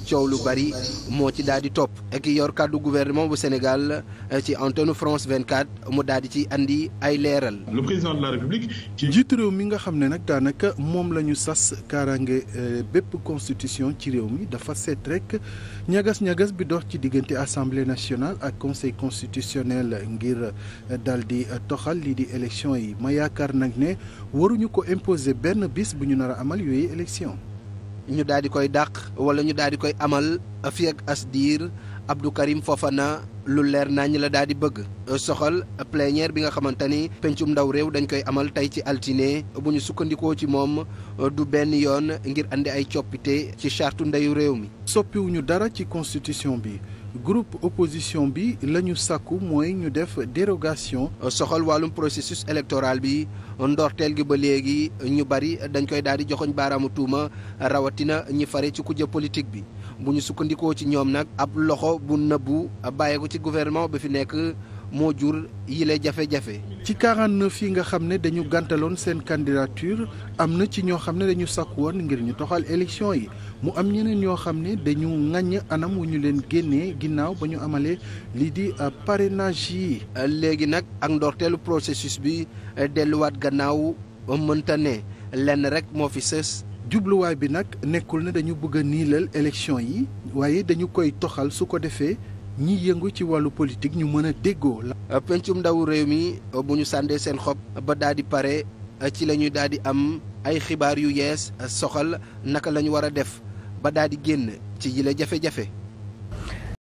coow lu bari moo ci daal di topp ki yor kàddu gouvernement bu Sénégal eh, ci antenne France 24 mu daal di ci andi ay leeral. le président de réew mi nga xam ne nag daanaka moom la ñu sas kaaraange eh, bépp constitution ci réew mi dafa seet rek ñagas ñagas bi dox ci diggante assemblée nationale ak conseil constitutionnel ngir eh, daal di toxal lii di élection yi ma yaakaar nag ne waruñu ko imposer benn bis bu ñu nar a amal yooyu élection. ñu daal di koy dàq wala ñu daal di koy amal fi ak as diir Abdou Karim Fofana lu leer nañ la daal di bëgg soxal plénière bi nga xamante ni pencum ndaw réew dañ koy amal tey ci altine bu ñu sukkandikoo ci moom du benn yoon ngir andi ay coppite ci chartu ndeyu réew mi. soppiwuñu dara ci constitution bi. groupe opposition bi la ñu sàkku mooy ñu def dérogation. soxal wàllum processus électoral bi ndorteel gi ba léegi ñu bari dañ koy daal di joxoñ baaraamu tuuma rawatina ñi fare ci kujje politique bi bu ñu sukkandikoo ci ñoom nag ab loxo bu nëbbu bàyyee ko ci gouvernement bi fi nekk moo jur yile jafe-jafe. ci 49 yi nga xam ne dañu gàntaloon seen candidature am na ci ñoo xam ne dañu sakku woon ngir ñu toxal élection yi mu am ñeneen ñoo xam ne dañu ŋaññ anam wu ñu leen génnee ginnaaw ba ñu amalee lii di euh, parrainage yi. léegi nag ak ndorteelu processus bi euh, delluwaat gannaaw mënta ne lenn rek moo fi sës. jubluwaay bi nag nekkul na dañu bëgg a niilal élection yi waaye dañu koy toxal su ko defee ñi yëngu ci wàllu politique ñu mën a déggoo la. pencum ndawu réew mi bu ñu sàndee seen xob ba daal di pare ci la ñuy daal di am ay xibaar yu yees soxal naka lañu ñu war a def ba daal di génn ci la jafe-jafe.